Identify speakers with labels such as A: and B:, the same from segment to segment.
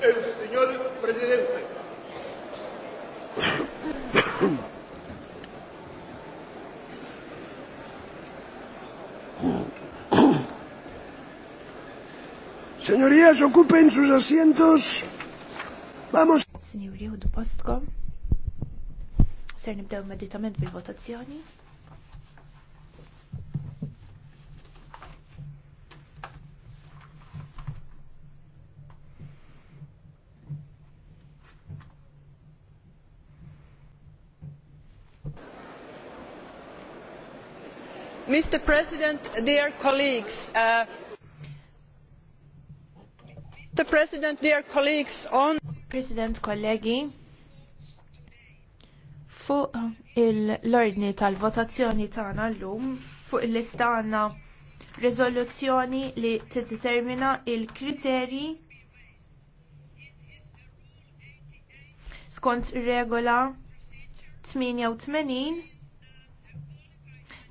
A: El señor presidente. Señorías, ocupen sus asientos. Vamos. Signori,
B: u Se Ser nibdew meditamente bil-votazzjoni. Mr. President, dear colleagues, uh, President, dear colleagues, on President, kollegi, fuq l-ordni tal-votazzjoni tagħna llum fuq il-lista għandna riżoluzzjoni li tiddetermina il-kriterji skont regola 88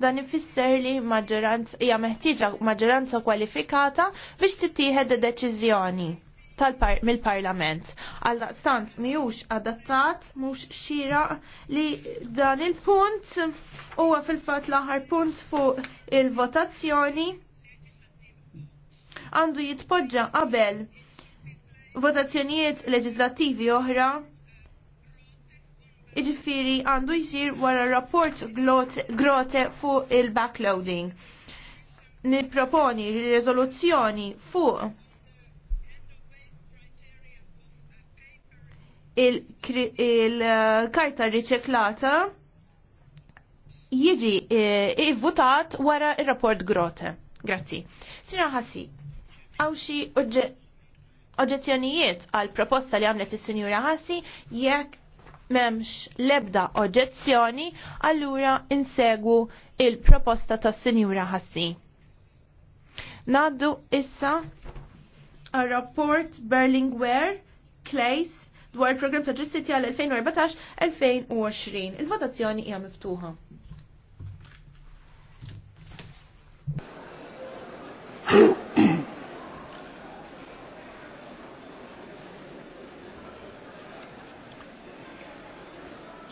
B: Dan ifisser li maġġoranza hija meħtieġa maġġoranza kwalifikata biex tittieħed deċiżjoni mill-parlament. Alla stant miux adattat, mux xira li dan il-punt huwa fil-fat l aħħar punt fuq il-votazzjoni għandu jitpoġġa qabel votazzjonijiet leġislativi oħra iġifiri għandu jisir wara rapport grote fuq il-backloading. Niproponi rizoluzzjoni fuq il-karta il riċeklata jiġi eh, votat wara il-rapport grote. Grazzi. Sina ħassi, għaw xie oġġezzjonijiet għal proposta li għamlet il-Sinjura ħassi jekk memx lebda oġezzjoni, allura insegu il-proposta ta' Sinjura Hassi. Naddu issa a rapport Berlingwer Clays dwar il-program ta' ġustizja l-2014-2020. Il-votazzjoni hija miftuħa.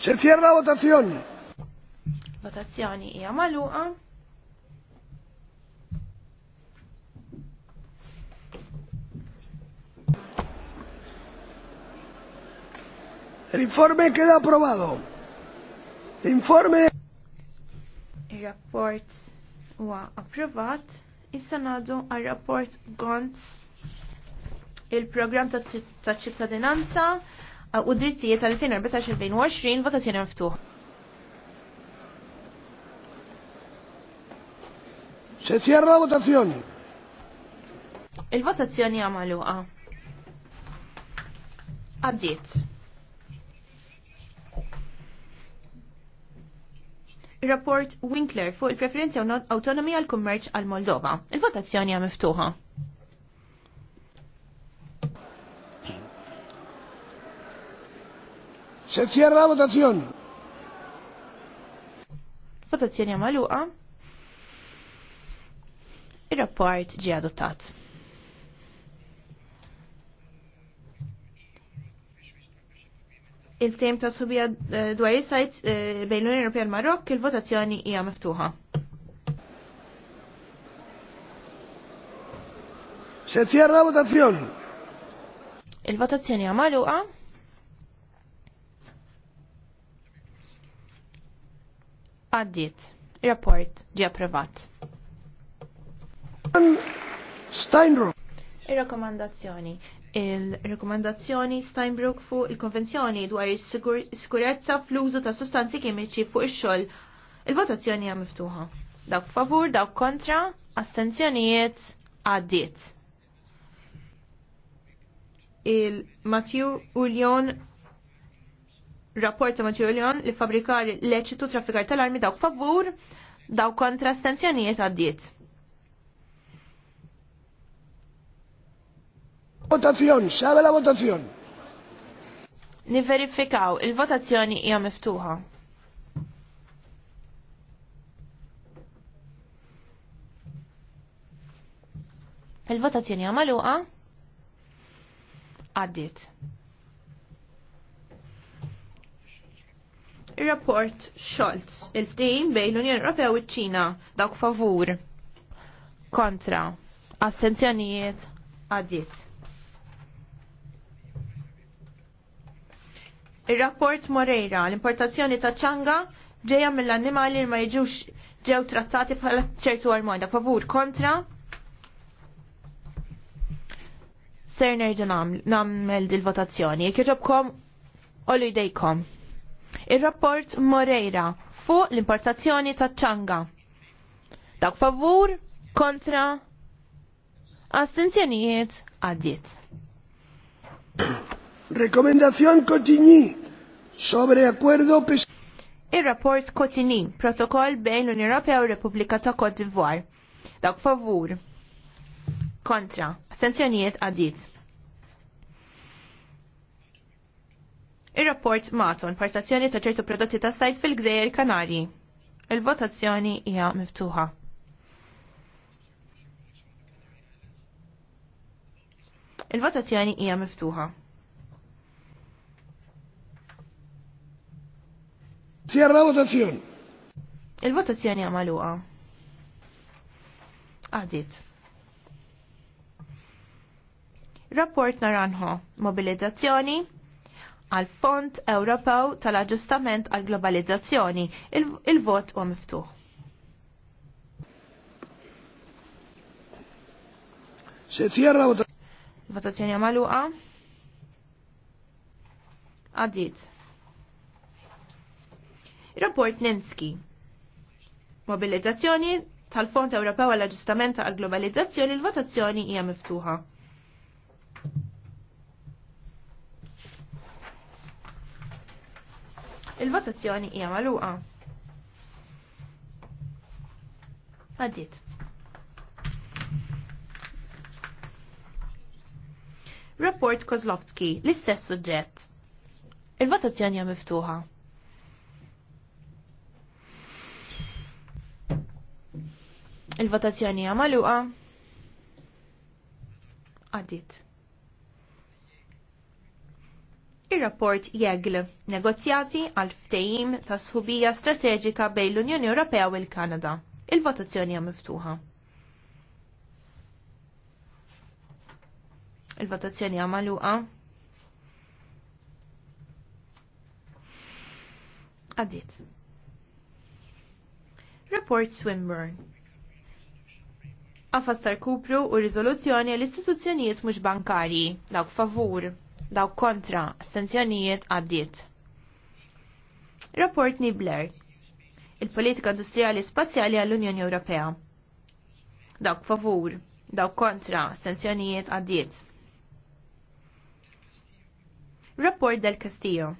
A: Se cierra votazzjoni.
B: Votazzjoni hija e magħluqa.
A: El informe queda aprobado. Informe.
B: Il-rapport huwa approvat. Issa nagħdu għal-rapport gons. il-programm ta' ċittadinanza u drittijiet tal-2014-2020 votazzjoni miftuħ.
A: Se cierra la votazzjoni.
B: Il-votazzjoni għamaluqa. Għaddiet. Rapport Winkler fuq il preferenzja autonomija għal-kummerċ għal-Moldova. Il-votazzjoni għam miftuħa. Se
A: cierra la votación.
B: Votazzjoni għamaluqa. Il-rapport ġi adottat. il-tem ta' subija eh, dwar il-sajt eh, bejn l-Unjoni Ewropea l-Marokk il-votazzjoni hija miftuħa. Se cierra votazzjoni. Il-votazzjoni hija magħluqa. Għaddiet. Rapport ġi approvat. Steinbrook. Il-rekomandazzjoni. Il-rekomandazzjoni Steinbrook fuq il-konvenzjoni dwar is-sikurezza fl-użu ta' sostanzi kimiċi fuq ix-xogħol. Il-votazzjoni hija miftuħa. Dawk favur, dawk kontra, astenzjonijiet għaddiet. Il-Matthew Uljon rapport ta' Maċjoljon li fabrikar leċitu traffikar tal-armi dawk favur, dawk kontra stanzjonijiet għaddiet.
A: Votazzjon, xabe la votazzjon.
B: Niverifikaw, il-votazzjoni hija miftuħa. Il-votazzjoni hija magħluqa għaddiet. Il-rapport Scholz, il-ftim bejn l-Unjoni Ewropea u ċ-Ċina dawk favur. Kontra. Astenzjonijiet għaddiet. Il-rapport Moreira, l-importazzjoni ta' ċanga ġeja mill-annimali li ma jiġux ġew trattati bħala ċertu armada. Favur kontra. Ser nerġa' namel dil-votazzjoni. Jekk jogħġobkom, ollu jdejkom. Ir-rapport Moreira fuq l-importazzjoni ta' ċanga. Dak favur kontra astenzjonijiet għaddiet.
A: Rekomendazzjon Cotigny sobre accordo
B: Ir-rapport Kotini, protokoll bejn l-Unjoni Ewropea u Repubblika ta' Cote d'Ivoire. Dak favur kontra astenzjonijiet għaddiet. Ir-rapport maton importazzjoni ta' ċertu prodotti ta' sajt fil-Gżejjer Kanari. Il-votazzjoni hija miftuħa. Il-votazzjoni hija miftuħa.
A: Sierra votazzjoni.
B: Il-votazzjoni hija magħluqa. Għadit. Rapport naranħo. Mobilizzazzjoni, għal Fond Ewropew tal-Aġġustament għal Globalizzazzjoni. Il-vot huwa miftuħ. Votazzjoni għamaluqa. Għaddit. Rapport Ninski. Mobilizzazzjoni tal-Fond Ewropew għall aġġustament għal globalizzazzjoni il-votazzjoni hija miftuħa. Il-votazzjoni hija magħluqa. Għaddiet. Rapport Kozlovski, l-istess suġġett. Il-votazzjoni hija miftuħa. Il-votazzjoni hija magħluqa. Għaddiet ir-rapport jegl negozjati għal ftejim ta' sħubija strateġika bejn l-Unjoni Ewropea u l-Kanada. Il-votazzjoni hija miftuħa. Il-votazzjoni hija magħluqa. Għaddiet. Rapport Swinburne għafas kupru u rizoluzzjoni l-istituzzjonijiet mhux bankarji dawk favur, daw kontra sanzjonijiet għaddiet. Rapport Nibler Il-politika industriali spazjali għall-Unjoni Ewropea. Dawk favur, dawk kontra sanzjonijiet għaddiet. Rapport del Castillo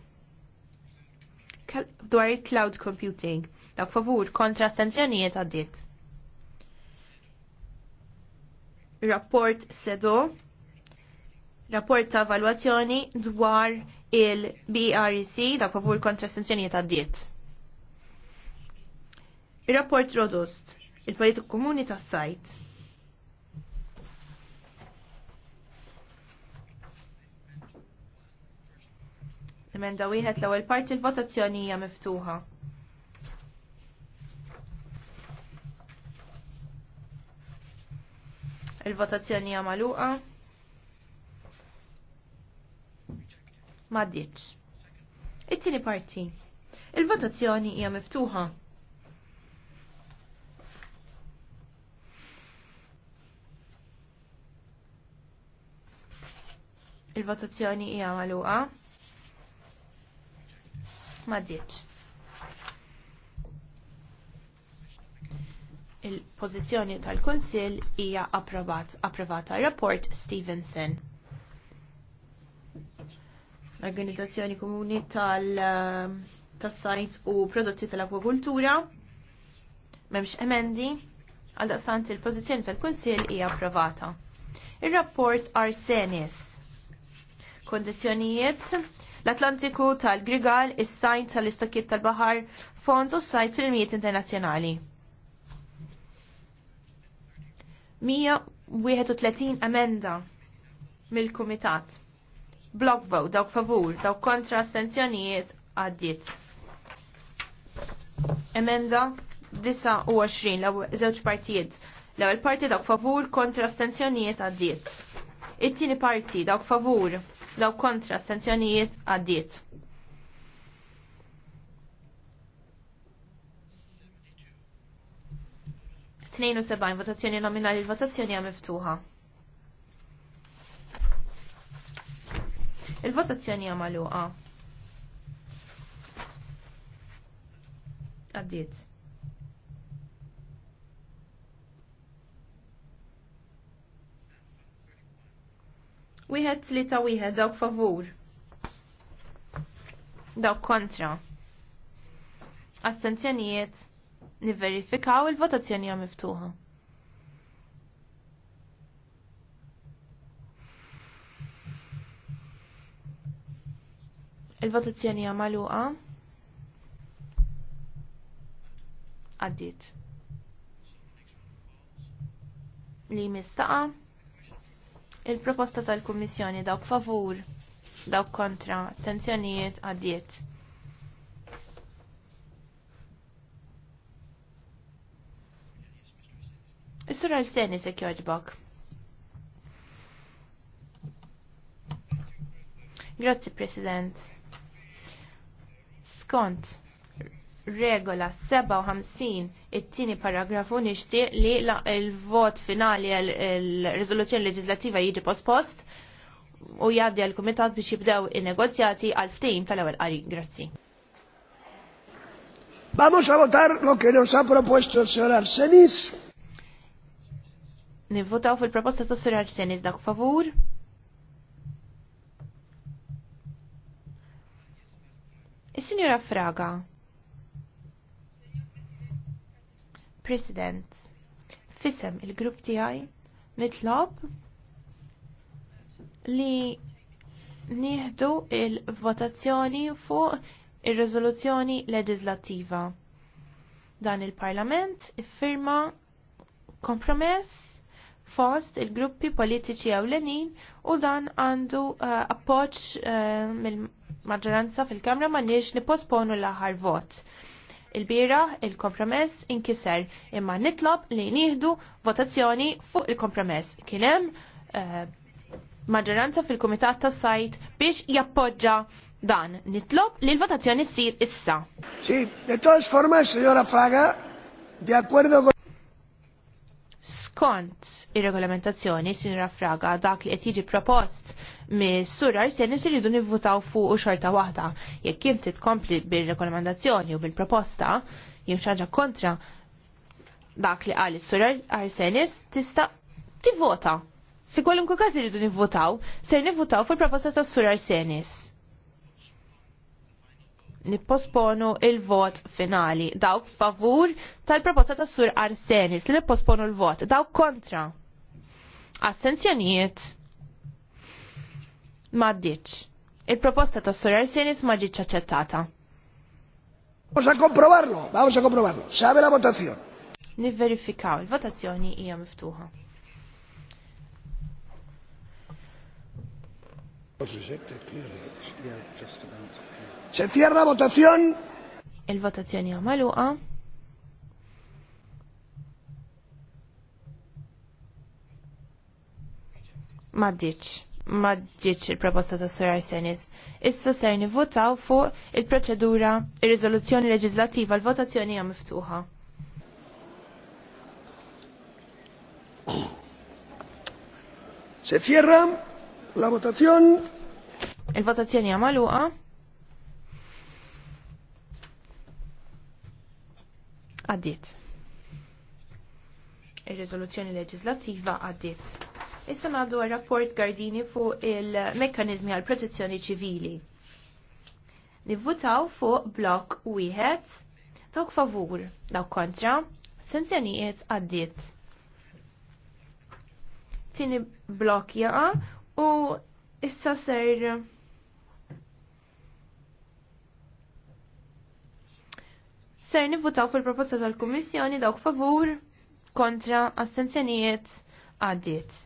B: dwar cloud computing. Dawk favur kontra sanzjonijiet għaddiet. Rapport sedo rapport ta' valwazzjoni dwar il-BREC da' favur kontra sanzjonijiet ta' diet. Il-rapport Rodost, il-politik komuni ta' sajt. Emenda wieħed l-ewwel parti l-votazzjoni hija miftuħa. Il-votazzjoni hija magħluqa. Maddiċ. It-tieni parti. Il-votazzjoni hija miftuħa. Il-votazzjoni hija magħluqa. Maddiċ. il-pożizzjoni tal-Kunsill hija approvat. Approvata rapport Stevenson organizzazzjoni komuni tal-sajt ehm, u prodotti tal-akwakultura. Memx emendi, għal daqsant il-pozizjoni tal-Kunsil hija approvata. Ir-rapport Arsenis. Kondizjonijiet l-Atlantiku tal-Grigal, is-sajt tal-istokkiet tal-Bahar, fond u sajt fil-mijiet internazzjonali. 131 amenda mill-Kumitat Block vote, dawk favur, dawk kontra astenzjonijiet għaddiet. Emenda 29 l żewġ partijiet. L-ewwel parti dawk favur kontra astenzjonijiet għaddiet. It-tieni parti dawk favur, dawk kontra astenzjonijiet għaddiet. Tnejn u 72 votazzjoni nominali l-votazzjoni hija miftuħa. Il-votazzjoni hija magħluqa. Għaddiet. Wieħed tlieta wieħed dawk favur. Dawk kontra. Astenzjonijiet niverifikaw il-votazzjoni hija miftuħa. Il-votazzjoni hija magħluqa. Li mistaqa. Il-proposta tal-Kummissjoni dawk favur, dawk kontra, astenzjonijiet għaddiet. Is-sura l-seni se kjoġbok. Grazzi, President skont regola 57 it-tieni paragrafu nixtieq li l-vot finali għal-riżoluzzjoni leġislativa jiġi post-post u jgħaddi għal-Kumitat biex jibdew in-negozjati għal-ftehim tal-ewwel qari. Grazzi.
A: Vamos a votar lo que nos ha propuesto el señor Arsenis.
B: Nivvotaw fil-proposta tas-Sur Arsenis dak favur. Is-Sinjora Fraga. President, fisem il-grupp tiegħi nitlob li nieħdu il-votazzjoni fuq ir-riżoluzzjoni leġislattiva. Dan il-Parlament iffirma kompromess fost il-gruppi politiċi ewlenin u dan għandu uh, appoġġ uh, mill maġġoranza fil-Kamra ma nix nipposponu l-aħħar vot. Il-bira, il-kompromess inkiser, imma nitlob li nieħdu votazzjoni fuq il-kompromess. Kienem uh, eh, maġġoranza fil-Kumitat tas sajt biex jappoġġa dan. Nitlob li l-votazzjoni tsir issa.
A: Sì, de todas formas, signora Fraga, di accordo con
B: Skont ir-regolamentazzjoni, signora Fraga, dak li qed jiġi propost mis sur Arsen iridu nivvutaw fuq u xorta waħda. Jekk inti tkompli bil-rekomendazzjoni u bil-proposta, jim xaġa kontra dak li qal is-sur Arsenis tista' tivvota. Fi kwalunkwe każ iridu nivvotaw, ser nivvutaw fil-proposta tas-sur Arsenis. Nipposponu il-vot finali. Dawk favur tal-proposta tas-sur Arsenis li nipposponu l-vot. Dawk kontra. Assenzjonijiet maddiċ. Il-proposta ta' Sor Arsenis ma ġietx aċċettata.
A: Vamos a comprobarlo, vamos a comprobarlo. Se la votazzjoni.
B: Nivverifikaw, il-votazzjoni hija miftuħa. Se cierra votazzjon? Il-votazzjoni hija magħluqa. Ma' ma ġietx il-proposta ta' Sir Arsenis. Issa ser nivvotaw fuq il-proċedura ir-riżoluzzjoni leġislativa leġislattiva l-votazzjoni hija miftuħa. Se cierra la votazzjoni. Il-votazzjoni hija magħluqa. Għaddiet. Ir-riżoluzzjoni leġislattiva għaddiet. Issa għandu rapport Gardini fuq il-mekkanizmi għal protezzjoni ċivili. Nivvutaw fuq blok wieħed dawk favur, dawk kontra, sanzjonijiet għaddit. Tini blok jaqa u issa ser ser nivvutaw fil-proposta tal-Kummissjoni dawk favur kontra assenzjonijiet għaddiet.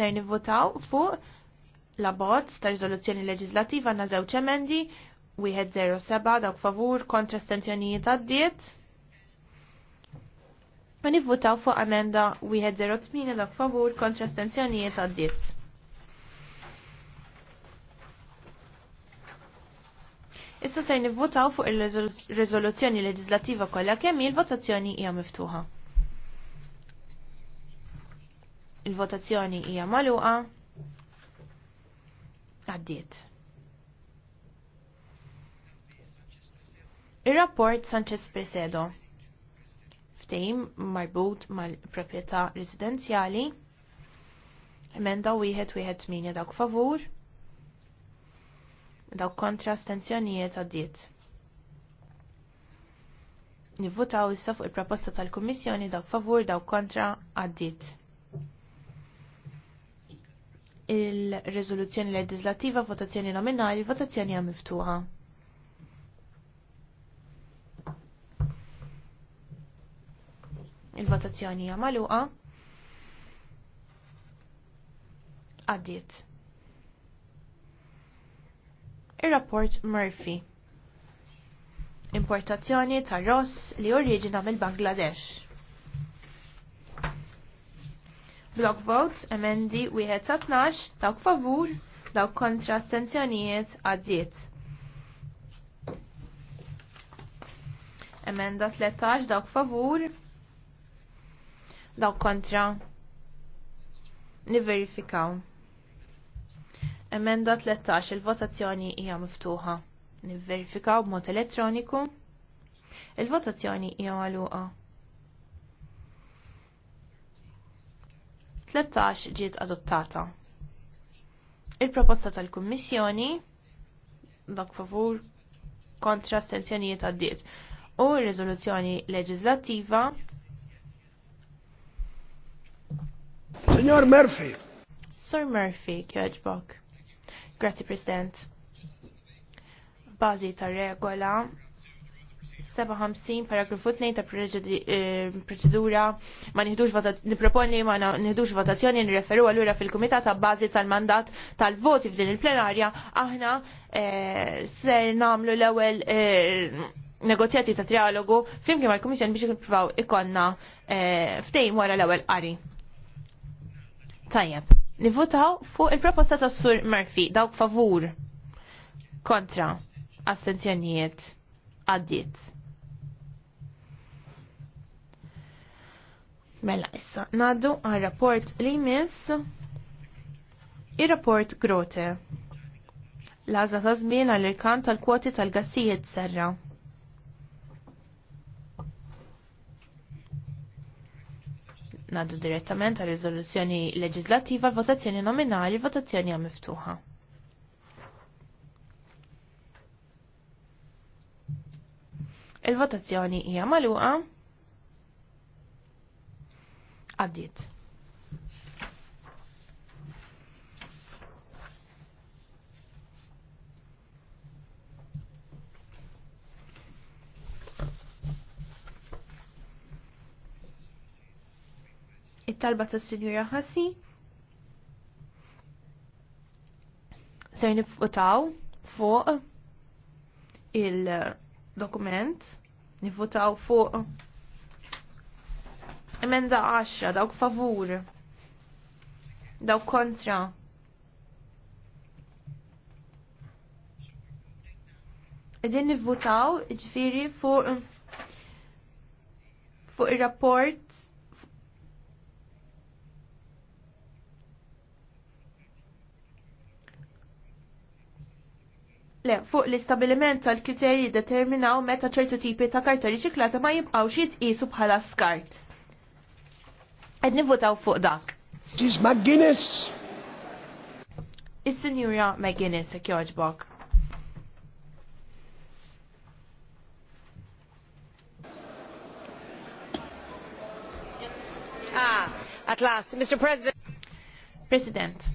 B: ser nivvotaw fuq l-abbozz ta' riżoluzzjoni leġislativa għandna żewġ emendi 107 dawk favur kontra stenzjonijiet għaddiet. Ma nivvotaw fuq emenda 108 dawk favur kontra stenzjonijiet għaddiet. Issa ser nivvotaw fuq il-rezoluzzjoni leġislativa kollha kemm il-votazzjoni hija miftuħa. Il-votazzjoni hija maluqa. Għaddiet. Il-rapport Sanchez Presedo ftehim marbut mal-proprjetà residenzjali. Emenda wieħed wieħed minja dawk favur. Dawk kontra stenzjonijiet għaddiet. Nivvutaw issa fuq il-proposta tal-Kummissjoni dawk favur dawk kontra għaddiet il-rezoluzzjoni legislativa, votazzjoni nominali, votazzjoni għamiftuħa. miftuħa. Il-votazzjoni għamaluqa. maluqa. Għaddiet. Il-rapport Murphy. Importazzjoni ta' Ross li oriġina mill-Bangladesh. Block vote, emendi wieħed sa tnax, dawk favur, dawk kontra astenzjonijiet għaddiet. Emenda 13, dawk favur, dawk kontra. Niverifikaw. Emenda 13, il-votazzjoni hija miftuħa. Niverifikaw b'mod elettroniku. Il-votazzjoni hija magħluqa. 13 ġiet adottata. Il-proposta tal-Kummissjoni dak favur kontra stenzjonijiet għaddiet u r-riżoluzzjoni leġislattiva Signor Murphy. Sir Murphy, kjoġbok. Grazie, President. Bazi ta' regola 57 paragrafu 2 ta' eh, proċedura ma nħidux votazzjoni niproponi ma nħidux votazzjoni nirreferu għallura fil komitat ta' bażi tal-mandat tal-voti f'din il-plenarja aħna eh, ser namlu l-ewwel eh, negozjati ta' trialogu flimkien mal-Kummissjoni biex nippruvaw ikonna ftejm wara l-ewwel qari. Tajjeb, nivvotaw fuq il-proposta ta' Sur Murphy dawk favur kontra astenzjonijiet għaddit. Mela, issa, naddu għal rapport li jmiss il-rapport Grote. Laza ta' żmien għal irkan tal-kwoti tal-gassijiet serra. Naddu direttament għal riżoluzzjoni leġislativa votazzjoni nominali votazzjoni għamiftuħa. Il-votazzjoni hija maluqa għaddiet. It-talba tas-Sinjura Ħassi ser nifutaw fuq il-dokument, nifutaw fuq Emenda 10, dawk favur. Dawk kontra. Idin nivvutaw ġifiri fuq fuq il-rapport Le, fuq l-istabiliment tal-kriterji determinaw meta ċertu tipi ta' karta riċiklata ma xiet isu bħala skart. Għed nivvotaw fuq dak. Ġiż McGuinness. Is-Sinjura McGuinness jekk jogħġbok. Ah, at last, Mr. President. President,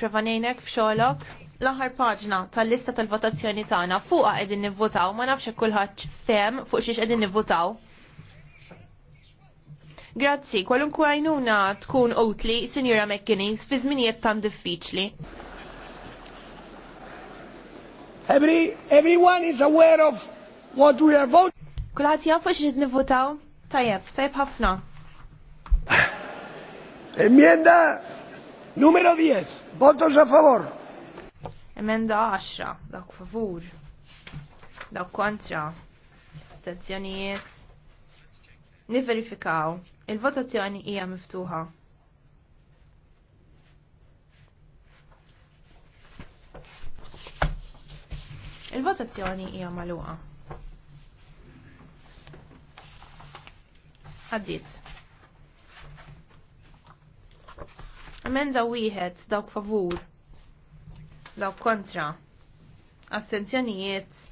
B: provanejnek f'xolok l-aħħar paġna tal-lista tal-votazzjoni tagħna fuqa qegħdin nivvotaw ma nafx kulħadd fem fuq xiex qegħdin nivvotaw. Grazzi, kwalunkwe għajnuna tkun utli, Signora McKinney, fi żminijiet tan diffiċli. Every, everyone is aware of what we are voting. Kulħat jafu xid nivvotaw? Tajjeb, tajab ħafna.
A: Emienda numero 10, votos a favor.
B: Emenda 10, dak favur. Dak kontra. Stazzjonijiet. Niverifikaw. Il-votazzjoni hija miftuħa. Il-votazzjoni hija magħluqa. Ħaddiet. Emenda wieħed dawk favur, dawk kontra, astenzjonijiet,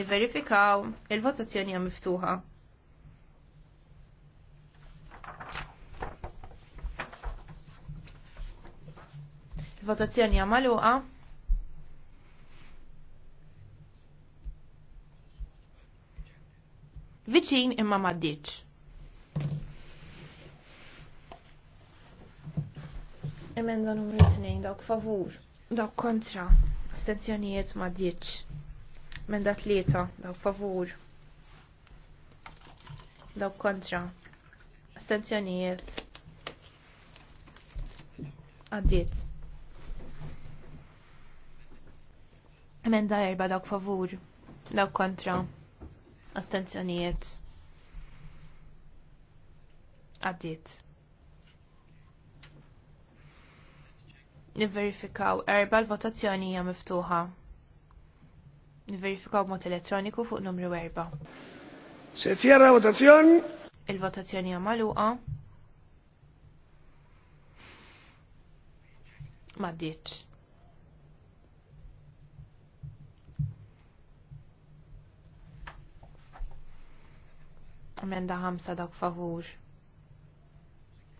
B: niverifikaw il-votazzjoni hija miftuħa. Votazzjoni għamaluqa. Viċin imma maddiċ. Emenda numru 2, dawk favur, dawk kontra, astenzjonijiet ma dieċ. Emenda 3, dawk favur, dawk kontra, astenzjonijiet għaddiet. Emenda erba dawk favur, dawk kontra, astenzjonijiet. Għaddiet. Niverifikaw erba l-votazzjoni hija miftuħa. Niverifikaw b'mod elettroniku fuq numru erba.
A: Se tjera votazzjoni.
B: Il-votazzjoni hija magħluqa. Ma' ditx. Emenda ħamsa dak favur.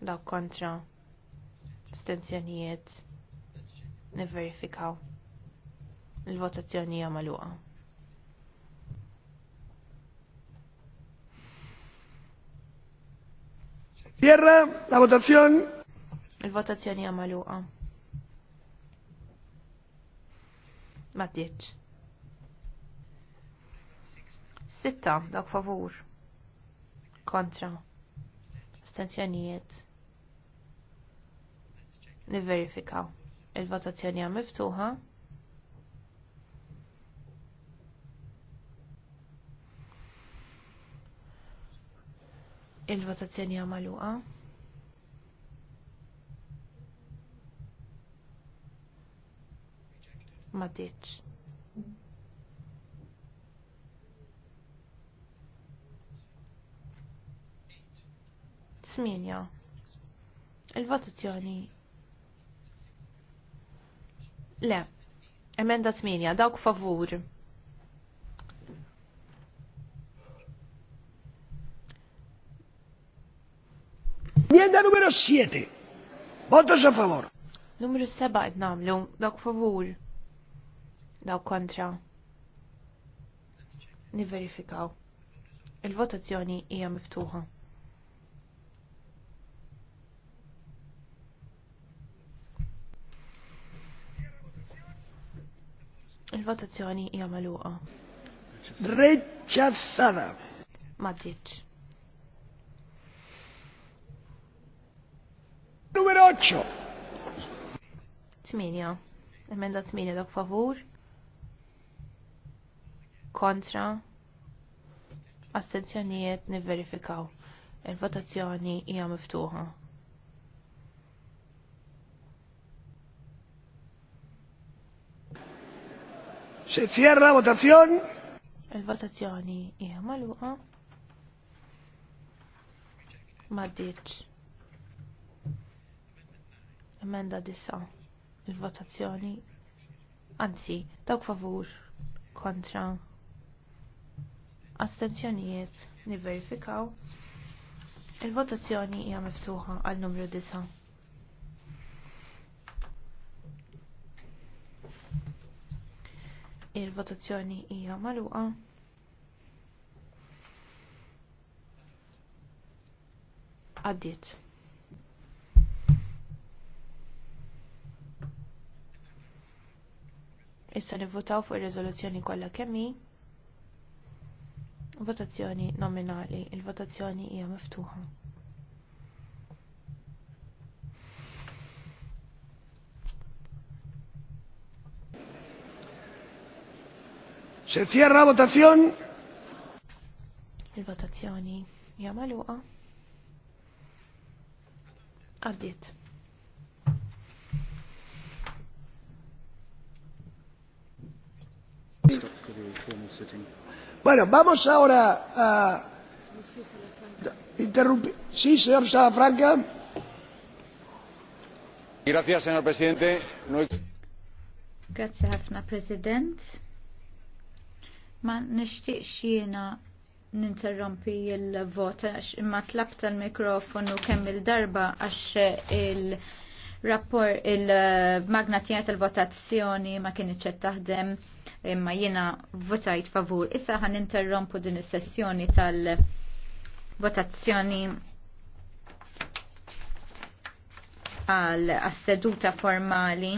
B: Dak kontra. Stenzjonijiet. Niverifikaw. Il-votazzjoni hija magħluqa. Tierra, la votazzjoni. Il-votazzjoni hija magħluqa. Ma Sitta, dak favur kontra astenzjonijiet niverifikaw il-votazzjoni għam miftuħa il-votazzjoni għam maluqa ma ditx 8. Il-votazzjoni. Le. Emenda 8. Dawk favur.
A: Mienda numero 7. Voto a favor.
B: Numru 7 qed nagħmlu. Dawk favur. Dawk kontra. Niverifikaw. Il-votazzjoni hija miftuħa. Il-votazzjoni hija magħluqa.
A: Reċċazzata.
B: Ma ġietx. Numero 8. 8. Emenda tminja dak favur. Kontra. Astenzjonijiet nivverifikaw. Il-votazzjoni hija miftuħa.
A: Se cierra votazzjoni.
B: Il-votazzjoni hija magħluqa. Maddiċ. Emenda disa. Il-votazzjoni. Anzi, dawk favur kontra astenzjonijiet niverifikaw il-votazzjoni hija miftuħa għal numru 9. Il-votazzjoni hija magħluqa. Għaddiet. Issa nivvotaw fuq ir-riżoluzzjoni kollha kemm hi. Votazzjoni nominali. Il-votazzjoni hija miftuħa.
A: Se cierra votazzjon?
B: Il-votazzjoni hija magħluqa. Ardiet.
A: Bueno, vamos ahora a interrumpir. Sí, señor Salafranca. Gracias, señor presidente. No... hay...
B: Gracias, señor presidente. Ma nishtiq jiena ninterrompi il-vot imma tlab tal-mikrofonu kemm il-darba għax il-rapport il-magna tal-votazzjoni ma kien iċċed taħdem imma jiena votajt favur. Issa ħan interrompu din is-sessjoni tal-votazzjoni għal asseduta formali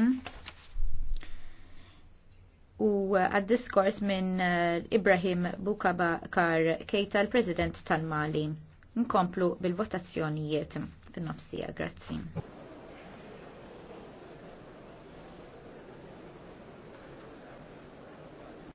B: u għad-diskors minn eh, Ibrahim Bukabakar Keita l-President tal-Mali. Nkomplu bil-votazzjonijiet fin-nofsija, grazzi.